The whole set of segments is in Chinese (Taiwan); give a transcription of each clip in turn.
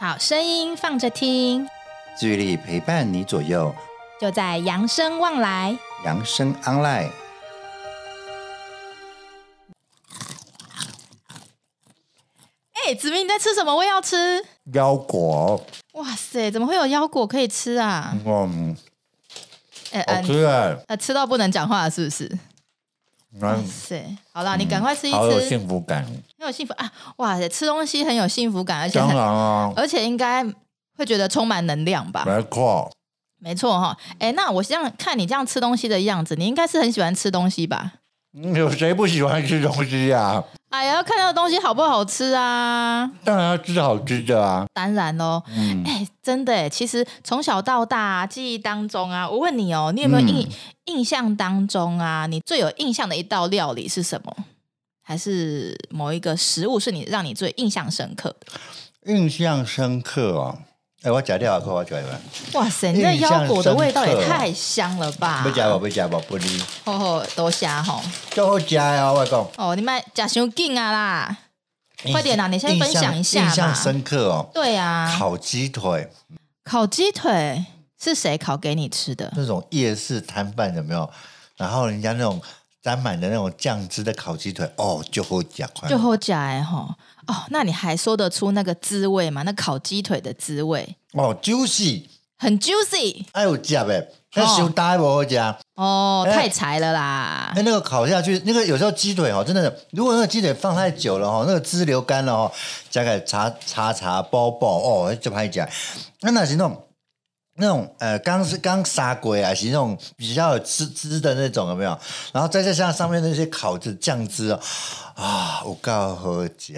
好，聲音放着聽。距離陪伴你左右，就在揚生旺來。揚生 online。哎，子明，你在吃什麼？我也要吃。腰果。哇塞，怎麼會有腰果可以吃啊？嗯。哎哎。吃啊、呃呃呃。吃到不能講話了，是不是？嗯、好了，你趕快吃一吃，好有幸福感，很有幸福啊！哇塞，吃東西很有幸福感，而且很，啊、而且應該會覺得充滿能量吧？擴沒錯、哦，沒錯哈！哎，那我這樣看你這樣吃東西的樣子，你應該是很喜歡吃東西吧？有誰不喜歡吃東西呀、啊？哎呀，要看到的東西好不好吃啊？當然要吃好吃的啊！當然囉，哎、嗯欸，真的，其實從小到大，啊、記憶當中啊，我問你哦、喔，你有沒有印、嗯、印象當中啊，你最有印象的一道料理是什麼？還是某一個食物是你讓你最印象深刻的？印象深刻哦。哎、欸，我吃掉啊！可我吃得萬。哇塞，那腰果的味道也太香了吧！不加不不加不不理。吼吼，多加吼、啊啊。我吃啊，外公。哦，你們吃上勁啊啦！印快點啦，你先分享一下印象，印象深刻哦。對啊，烤雞腿。烤雞腿是誰烤給你吃的？那種夜市攤販有沒有？然後人家那種。沾滿的那種醬汁的烤雞腿，哦，就好呷塊，就好呷哎吼，哦，那你還說得出那個滋味嗎？那烤雞腿的滋味，哦，juicy，很 juicy，哎，啊、有嚼的，那手呆無好呷，哦，欸、太柴了啦。那、欸、那個烤下去，那個有時候雞腿哦，真的如果那個雞腿放太久了哦，那個汁流乾了哦，再給茶茶茶包包哦，就歹呷。那那是那種。那種呃，剛是剛殺過哎，是那種比較有汁汁的那種，有沒有？然後再加上上面那些烤的醬汁哦，啊，啊，有夠好吃。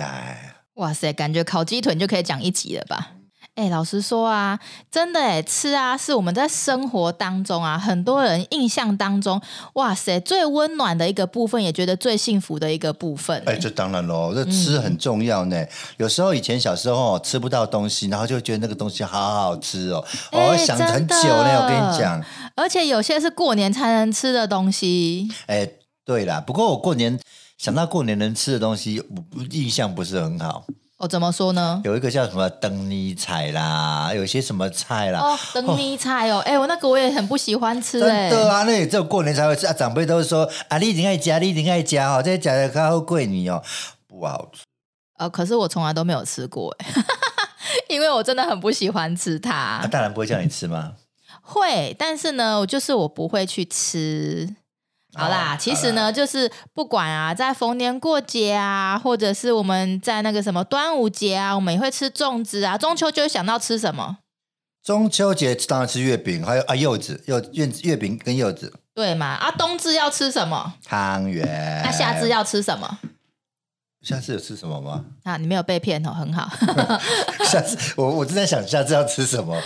哇塞，感覺烤雞腿就可以講一集了吧。哎、欸，老實說啊，真的哎，吃啊是我們在生活當中啊，很多人印象當中，哇塞，最溫暖的一個部分，也覺得最幸福的一個部分。哎、欸，這當然嘍，這吃很重要呢。嗯、有時候以前小時候吃不到東西，然後就覺得那個東西好好吃哦、喔，我、欸 oh, 想很久呢。的我跟你講，而且有些是過年才能吃的東西。哎、欸，對啦，不過我過年想到過年能吃的東西，我印象不是很好。哦，怎麼說呢？有一個叫什麼燈尼菜啦，有些什麼菜啦？燈尼、哦、菜哦，哎、哦欸，我那個我也很不喜歡吃，對的啊，那也只有過年才會吃啊。長輩都是說啊，你一定愛加，你一定愛加。哦，這些夾的高貴你哦，不好吃。哦、呃、可是我從來都沒有吃過哎， 因為我真的很不喜歡吃它。啊、大人不會叫你吃嗎？ 會，但是呢，我就是我不會去吃。好啦，好其實呢，啦就是不管啊，在逢年過節啊，或者是我們在那個什麼端午節啊，我們也會吃粽子啊。中秋就會想到吃什麼？中秋節當然吃月餅，還有啊柚子，柚子月餅跟柚子，對嘛。啊，冬至要吃什麼？湯圓。那夏至要吃什麼？下次有吃什麼嗎？啊，你沒有被騙哦，很好。 下次我我正在想下次要吃什麼。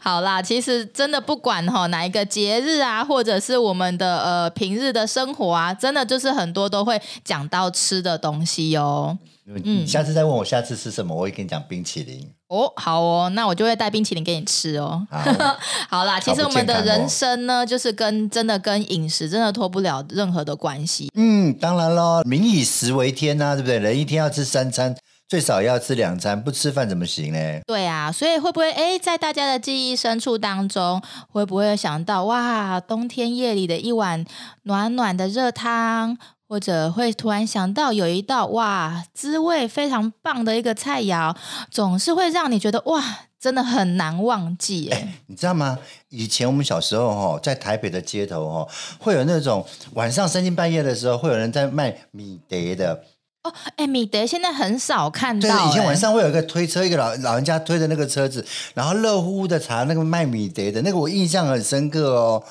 好啦，其實真的不管哈、哦，哪一個節日啊，或者是我們的呃平日的生活啊，真的就是很多都會講到吃的東西哦。嗯，下次再問我下次吃什麼，我會跟你講冰淇淋哦。好哦，那我就會帶冰淇淋給你吃哦。好， 好啦，其實我們的人生呢，哦、就是跟真的跟飲食真的脫不了任何的關係。嗯，當然嘍，民以食為天吶、啊，對不對？人一天要吃三餐，最少要吃兩餐，不吃飯怎麼行呢？對啊，所以會不會哎，在大家的記憶深處當中，會不會想到哇，冬天夜裡的一碗暖暖的熱湯？或者會突然想到有一道哇，滋味非常棒的一個菜肴，總是會讓你覺得哇，真的很難忘記。哎、欸，你知道嗎？以前我們小時候哦，在台北的街頭哦，會有那種晚上三更半夜的時候，會有人在賣米德的。哦，哎、欸，米德現在很少看到。對，以前晚上會有一個推車，欸、一個老老人家推的那個車子，然後熱乎乎的茶。那個賣米德的那個，我印象很深刻哦。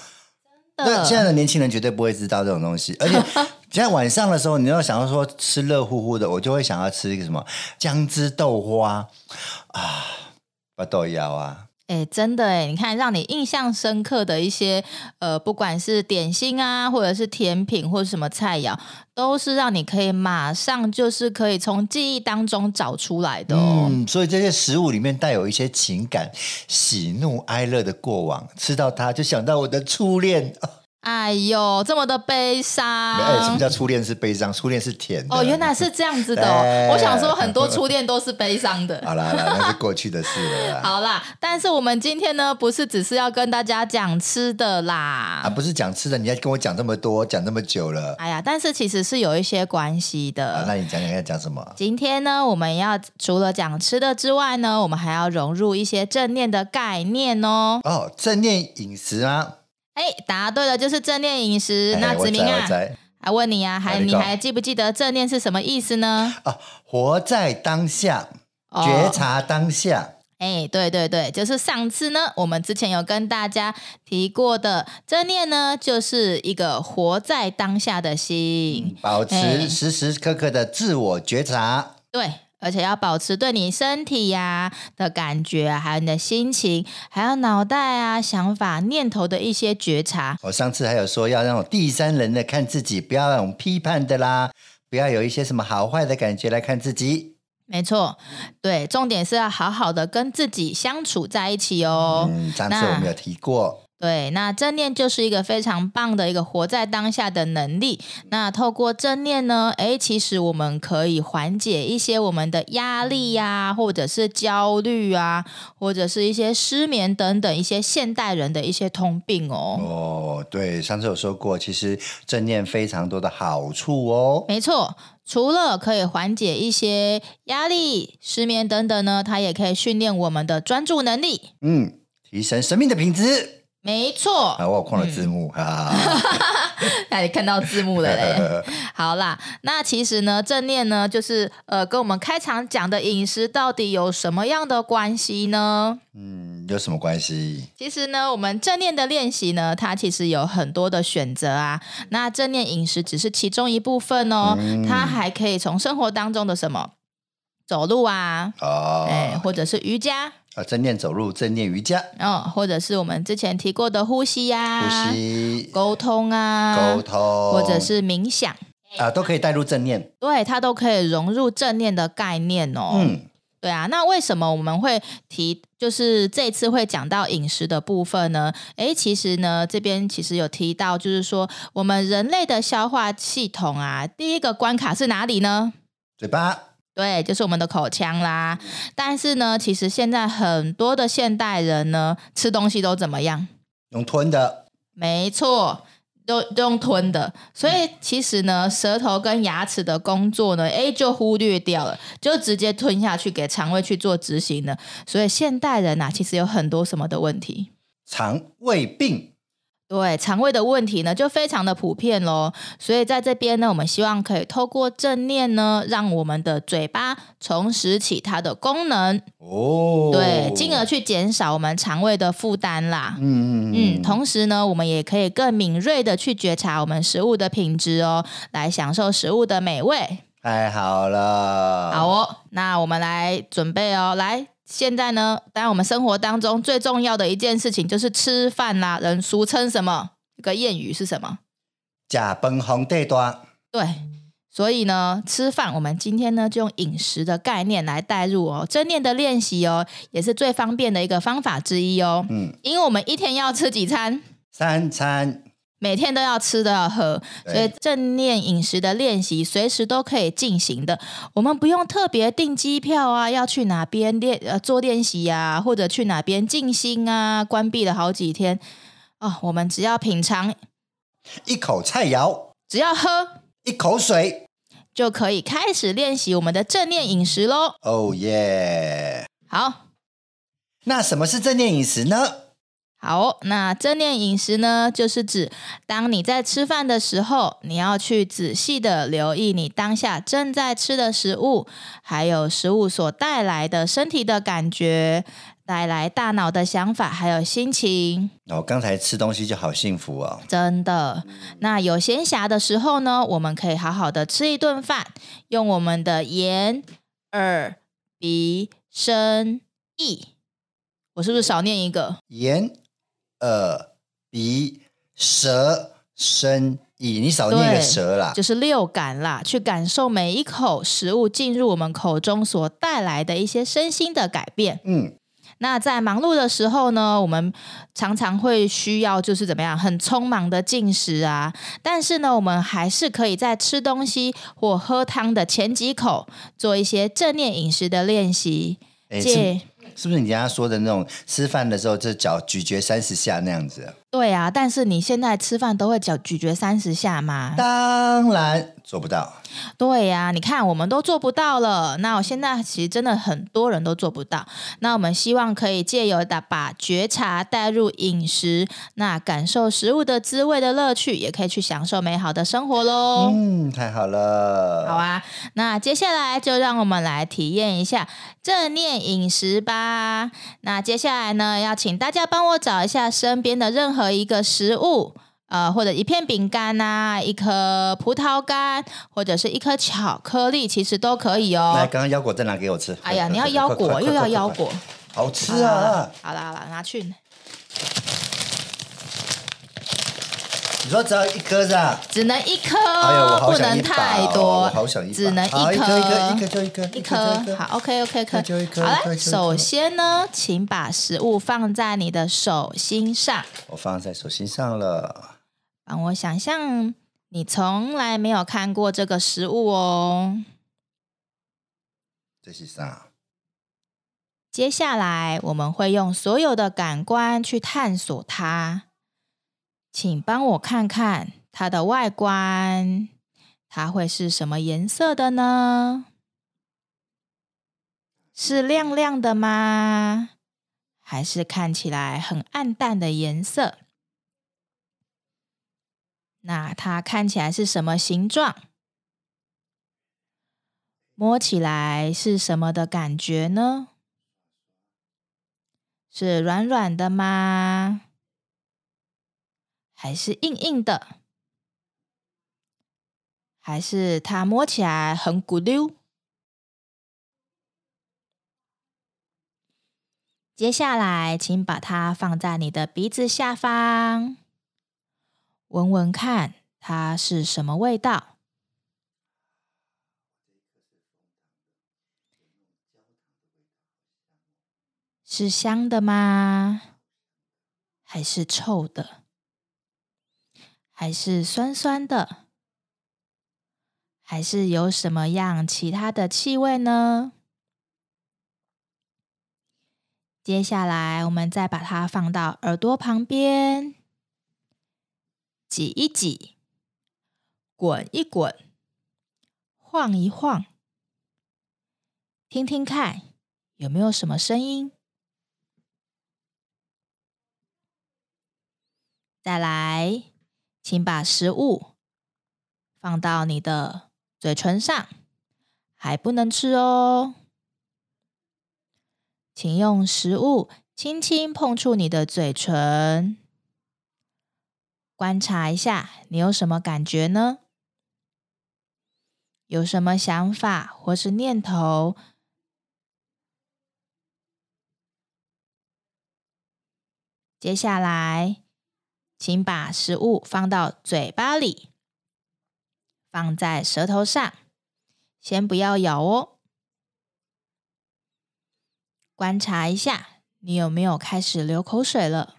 真的，那現在的年輕人絕對不會知道這種東西，而且。 現在晚上的時候，你要想要說吃熱乎乎的，我就會想要吃一個什麼薑汁豆花啊，把豆芽啊。哎、欸，真的哎，你看，讓你印象深刻的一些呃，不管是點心啊，或者是甜品，或者是什麼菜肴，都是讓你可以馬上就是可以從記憶當中找出來的、哦。嗯，所以這些食物裡面帶有一些情感、喜怒哀樂的過往，吃到它就想到我的初戀。哎呦，這麼的悲傷！哎、欸，什麼叫初戀是悲傷？初戀是甜的。哦，原來是這樣子的、哦。欸、我想說，很多初戀都是悲傷的。 好啦來，那是過去的事了。 好啦，但是我們今天呢，不是只是要跟大家講吃的啦。啊，不是講吃的，你要跟我講這麼多，講那麼久了。哎呀，但是其實是有一些關係的、啊。那你講講要講什麼？今天呢，我們要除了講吃的之外呢，我們還要融入一些正念的概念哦。哦，正念飲食啊。哎、欸，答對了，就是正念飲食。嘿嘿，那子明啊，還、啊、問你啊，還你還記不記得正念是什麼意思呢？啊，活在當下，哦、覺察當下。哎、欸，對對對，就是上次呢，我們之前有跟大家提過的正念呢，就是一個活在當下的心，嗯、保持時時刻刻的自我覺察。欸、對。而且要保持對你身體呀、啊、的感覺啊，還有你的心情，還有腦袋啊想法、念頭的一些覺察。我上次還有說要讓第三人的看自己，不要讓批判的啦，不要有一些什麼好壞的感覺來看自己。沒錯，對，重點是要好好的跟自己相處在一起哦。嗯，上次那我沒有提過？對，那正念就是一個非常棒的一個活在當下的能力。那透過正念呢，誒，其實我們可以緩解一些我們的壓力呀、啊，或者是焦慮啊，或者是一些失眠等等一些現代人的一些通病哦。哦，對，上次有說過，其實正念非常多的好處哦。沒錯，除了可以緩解一些壓力、失眠等等呢，它也可以訓練我們的專注能力，嗯，提升生命的品質。沒錯、啊，我有看了字幕、嗯、啊，那你看到字幕了嘞？好啦，那其實呢，正念呢，就是呃，跟我們開場講的飲食到底有什麼樣的關係呢？嗯，有什麼關係？其實呢，我們正念的練習呢，它其實有很多的選擇啊。那正念飲食只是其中一部分哦，嗯、它還可以從生活當中的什麼走路啊，哎、哦欸，或者是瑜伽。啊、正念走路，正念瑜伽，嗯、哦，或者是我們之前提過的呼吸呀、啊，呼吸，溝通啊，溝通，或者是冥想，啊、呃，都可以帶入正念，對，它都可以融入正念的概念哦。嗯，對啊，那為什麼我們會提，就是這次會講到飲食的部分呢？誒，其實呢，這邊其實有提到，就是說我們人類的消化系統啊，第一個關卡是哪裡呢？嘴巴。對，就是我們的口腔啦。但是呢，其實現在很多的現代人呢，吃東西都怎麼樣？用吞的。沒錯，都都用吞的。所以其實呢，嗯、舌頭跟牙齒的工作呢，哎，就忽略掉了，就直接吞下去給腸胃去做執行了。所以現代人啊，其實有很多什麼的問題？腸胃病。對，腸胃的問題呢，就非常的普遍咯。所以在這邊呢，我們希望可以透過正念呢，讓我們的嘴巴重拾起它的功能哦。對，進而去減少我們腸胃的負擔啦。嗯嗯嗯。嗯，同時呢，我們也可以更敏銳地去覺察我們食物的品質哦，來享受食物的美味。太好了。好哦，那我們來準備哦，來。現在呢，當然我們生活當中最重要的一件事情就是吃飯啦。人俗稱什麼？一個諺語是什麼？呷飯皇帝大。對，所以呢，吃飯我們今天呢就用飲食的概念來帶入哦，正念的練習哦，也是最方便的一個方法之一哦。嗯，因為我們一天要吃幾餐？三餐。每天都要吃都要喝，對所以正念飲食的練習隨時都可以進行的。我們不用特別訂機票啊，要去哪邊練呃做練習呀、啊，或者去哪邊靜心啊，關閉了好幾天哦，我們只要品嘗一口菜肴，只要喝一口水，就可以開始練習我們的正念飲食嘍。哦耶、oh yeah！好，那什麼是正念飲食呢？好，那正念飲食呢，就是指當你在吃飯的時候，你要去仔細的留意你當下正在吃的食物，還有食物所帶來的身體的感覺，帶來大腦的想法，還有心情。我、哦、剛才吃東西就好幸福哦，真的。那有閒暇的時候呢，我們可以好好的吃一頓飯，用我們的眼、耳、鼻、身、意，我是不是少念一個言？耳、呃、鼻、舌、身、意，你少念個舌啦，就是六感啦，去感受每一口食物進入我們口中所帶來的一些身心的改變。嗯，那在忙碌的時候呢，我們常常會需要就是怎麼樣，很匆忙的進食啊。但是呢，我們還是可以在吃東西或喝湯的前幾口，做一些正念飲食的練習。誒，借，是。是不是你剛剛說的那種吃飯的時候，這腳咀嚼三十下那樣子，啊？對呀、啊，但是你現在吃飯都會嚼，咀嚼三十下嗎？當然做不到。對呀、啊，你看我們都做不到了。那我現在其實真的很多人都做不到。那我們希望可以借由的把覺察帶入飲食，那感受食物的滋味的樂趣，也可以去享受美好的生活嘍。嗯，太好了。好啊，那接下來就讓我們來體驗一下正念飲食吧。那接下來呢，要請大家幫我找一下身邊的任何。和一個食物，呃，或者一片餅乾啊，一顆葡萄乾，或者是一顆巧克力，其實都可以哦。來，剛剛腰果再拿給我吃。哎呀，你要腰果又要腰果，要腰果好吃啊！好了好了，拿去。你說只要一顆是吧？只能一顆，不能太多，只能一顆，一顆一顆一顆就一顆，一顆好，OK OK，OK 就一顆。好了，首先呢，請把食物放在你的手心上。我放在手心上了。幫我想象，你從來沒有看過這個食物哦。這是啥？接下來我們會用所有的感官去探索它。請幫我看看它的外觀，它會是什麼顏色的呢？是亮亮的嗎？還是看起來很暗淡的顏色？那它看起來是什麼形狀？摸起來是什麼的感覺呢？是軟軟的嗎？還是硬硬的，還是它摸起來很咕溜。接下來，請把它放在你的鼻子下方，聞聞看，它是什麼味道？是香的嗎？還是臭的？還是酸酸的，還是有什麼樣其他的氣味呢？接下來，我們再把它放到耳朵旁邊，擠一擠，滾一滾，晃一晃，聽聽看有沒有什麼聲音。再來。請把食物放到你的嘴唇上，還不能吃哦。請用食物輕輕碰觸你的嘴唇，觀察一下，你有什麼感覺呢？有什麼想法或是念頭？接下來。請把食物放到嘴巴裡，放在舌頭上，先不要咬哦。觀察一下，你有沒有開始流口水了？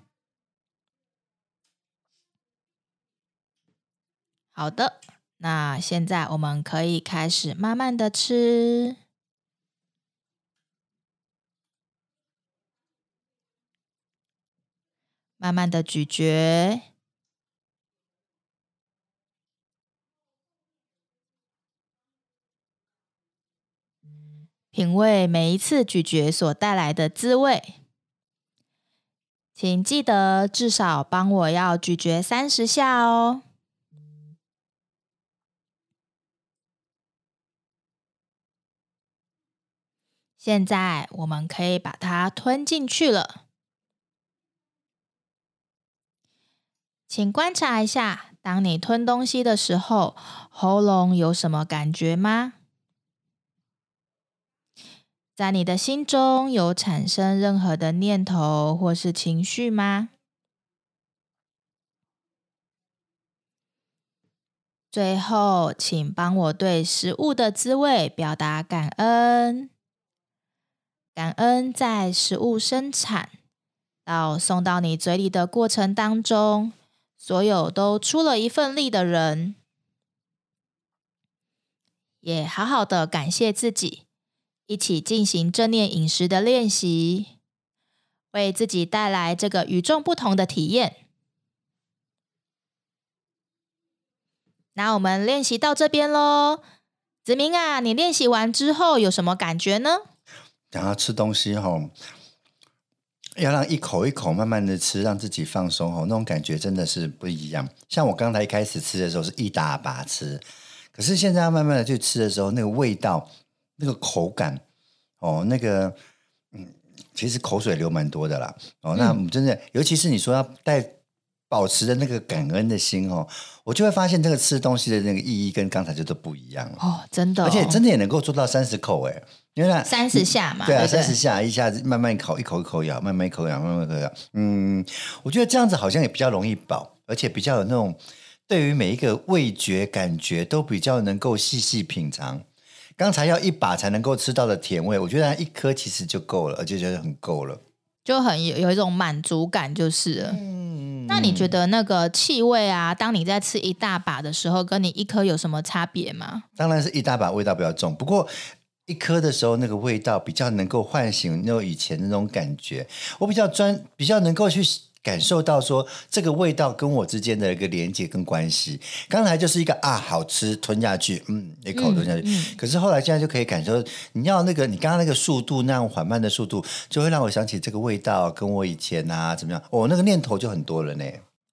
好的，那現在我們可以開始慢慢的吃。慢慢的咀嚼，品味每一次咀嚼所帶來的滋味。請記得至少幫我要咀嚼三十下哦。現在我們可以把它吞進去了。請觀察一下，當你吞東西的時候，喉嚨有什麼感覺嗎？在你的心中有產生任何的念頭或是情緒嗎？最後，請幫我對食物的滋味表達感恩。感恩在食物生產到送到你嘴裡的過程當中。所有都出了一份力的人，也好好的感謝自己，一起進行正念飲食的練習，為自己帶來這個與眾不同的體驗。那我們練習到這邊咯，子明啊，你練習完之後有什麼感覺呢？等下吃東西吼、哦。要讓一口一口慢慢的吃，讓自己放鬆哦，那種感覺真的是不一樣。像我剛才一開始吃的時候是一大把吃，可是現在要慢慢的去吃的時候，那個味道、那個口感，哦，那個，嗯，其實口水流蠻多的啦。哦，那我們真的，嗯，尤其是你說要帶。保持的那個感恩的心哦，我就會發現這個吃東西的那個意義跟剛才就都不一樣了哦，真的，哦，而且真的也能夠做到三十口哎，欸，原來三十下嘛，你對啊，三十對下一下子慢慢咬，一口一口咬，慢慢一口咬，慢慢一口咬，嗯，我覺得這樣子好像也比較容易飽，而且比較有那種對於每一個味覺感覺都比較能夠細細品嘗。剛才要一把才能夠吃到的甜味，我覺得一顆其實就夠了，而且覺得很夠了，就很有有一種滿足感，就是了。嗯那你覺得那個氣味啊，當你在吃一大把的時候，跟你一顆有什麼差別嗎？當然是一大把味道比較重，不過一顆的時候那個味道比較能夠喚醒那種以前那種感覺。我比較專，比較能夠去。感受到說這個味道跟我之間的一個連結、跟關係，剛才就是一個啊好吃，吞下去，嗯，一口吞下去，嗯嗯、可是後來現在就可以感受，你要那個你剛剛那個速度那樣緩慢的速度，就會讓我想起這個味道跟我以前啊怎麼樣，我、哦、那個念頭就很多了呢。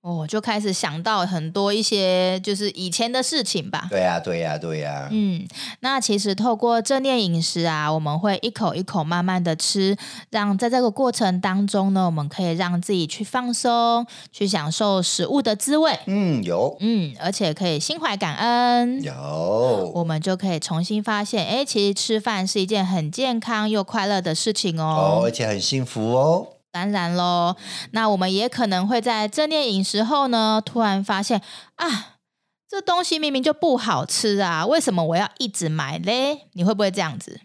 我、哦、就開始想到很多一些就是以前的事情吧。對呀、啊，對呀、啊，對呀、啊。嗯，那其實透過正念飲食啊，我們會一口一口慢慢的吃，讓在這個過程當中呢，我們可以讓自己去放鬆，去享受食物的滋味。嗯，有。嗯，而且可以心懷感恩。有、嗯。我們就可以重新發現，誒、欸，其實吃飯是一件很健康又快樂的事情哦，哦，而且很幸福哦。當然嘍，那我們也可能會在正念飲食後呢，突然發現啊，這東西明明就不好吃啊，為什麼我要一直買嘞？你會不會這樣子？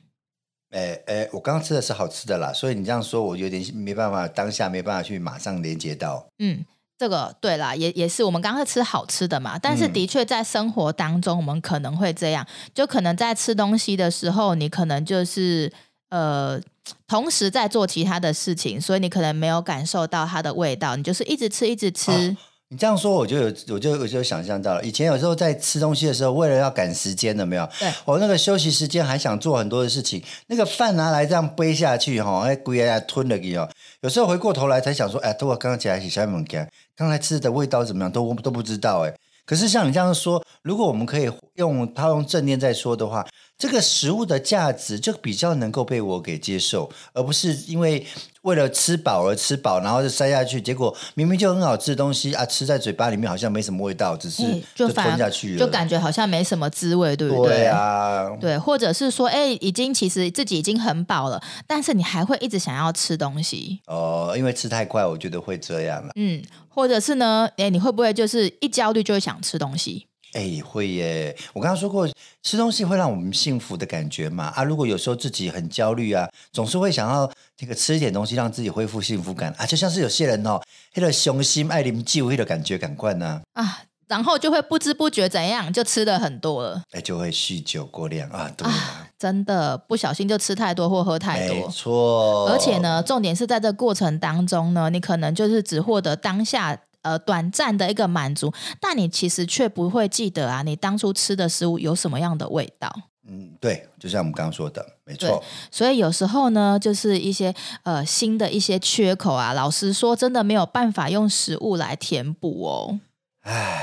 誒誒、欸欸，我剛剛吃的是好吃的啦，所以你這樣說，我有點沒辦法，當下沒辦法去馬上連接到。嗯，這個對啦，也也是我們剛剛是吃好吃的嘛，但是的確在生活當中，我們可能會這樣，嗯、就可能在吃東西的時候，你可能就是呃。同時在做其他的事情，所以你可能沒有感受到它的味道。你就是一直吃，一直吃、啊。你這樣說，我就有，我就我就想象到了。以前有時候在吃東西的時候，為了要趕時間了，沒有？對。我、哦、那個休息時間還想做很多的事情，那個飯拿來這樣背下去哈，哎、哦，鬼吞了你哦。有時候回過頭來才想說，哎，都我剛才起來寫小本本，剛才吃的味道怎麼樣，都我都不知道哎。可是像你這樣說，如果我們可以用他用正念在說的話。這個食物的價值就比較能夠被我給接受，而不是因為為了吃飽而吃飽，然後就塞下去，結果明明就很好吃的東西啊，吃在嘴巴裡面好像沒什麼味道，只是就吞下去了，欸、就，就感覺好像沒什麼滋味，對不對？對啊，對，或者是說，哎、欸，已經其實自己已經很飽了，但是你還會一直想要吃東西。哦、呃，因為吃太快，我覺得會這樣了。嗯，或者是呢，哎、欸，你會不會就是一焦慮就會想吃東西？哎、欸，會耶！我剛剛說過，吃東西會讓我們幸福的感覺嘛？啊，如果有時候自己很焦慮啊，總是會想要那個吃一點東西，讓自己恢復幸福感啊，就像是有些人哦，他的雄心愛臨聚會的感覺，感官呢啊，然後就會不知不覺怎樣，就吃了很多了，哎、欸，就會酗酒過量啊，對啊，啊，真的不小心就吃太多或喝太多，沒錯，而且呢，重點是在這過程當中呢，你可能就是只獲得當下。呃，短暫的一個滿足，但你其實卻不會記得啊，你當初吃的食物有什麼樣的味道？嗯，對，就像我們剛剛說的，沒錯。所以有時候呢，就是一些呃新的一些缺口啊，老實說，真的沒有辦法用食物來填補哦。唉，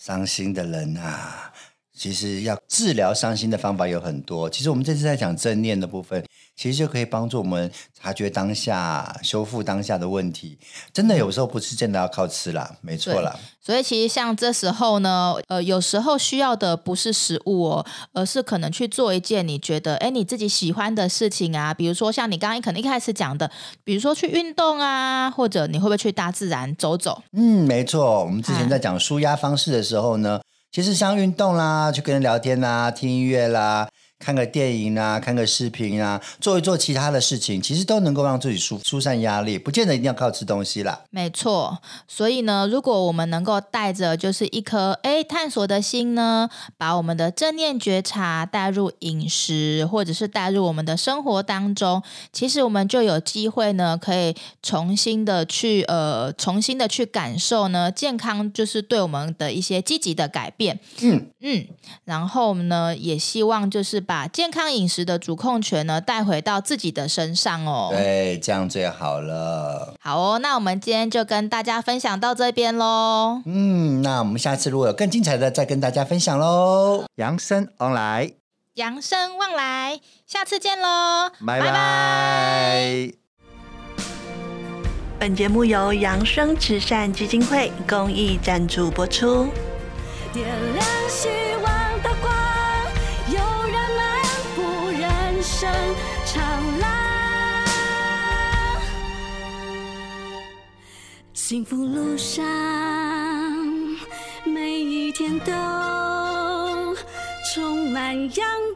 傷心的人啊，其實要治療傷心的方法有很多。其實我們這次在講正念的部分，其實就可以幫助我們察覺當下、修復當下的問題。真的有時候不是真的要靠吃啦，沒錯啦。所以其實像這時候呢，呃，有時候需要的不是食物哦，而是可能去做一件你覺得誒你自己喜歡的事情啊。比如說像你剛剛可能一開始講的，比如說去運動啊，或者你會不會去大自然走走？嗯，沒錯。我們之前在講舒壓方式的時候呢，唉其實像運動啦、去跟人聊天啦、聽音樂啦。看個電影啊，看個視頻啊，做一做其他的事情，其實都能夠讓自己疏疏散壓力，不見得一定要靠吃東西啦。沒錯，所以呢，如果我們能夠帶着就是一顆哎探索的心呢，把我們的正念覺察帶入飲食，或者是帶入我們的生活當中，其實我們就有機會呢，可以重新的去呃，重新的去感受呢，健康就是對我們的一些積極的改變。嗯嗯，然後呢，也希望就是。把健康飲食的主控權呢帶回到自己的身上哦。對，這樣最好了。好哦，那我們今天就跟大家分享到這邊嘍。嗯，那我們下次如果有更精彩的，再跟大家分享嘍。楊生旺來，楊生旺來，下次見嘍，拜拜 bye。本節目由楊生慈善基金會公益贊助播出。幸福路上，每一天都充滿陽光。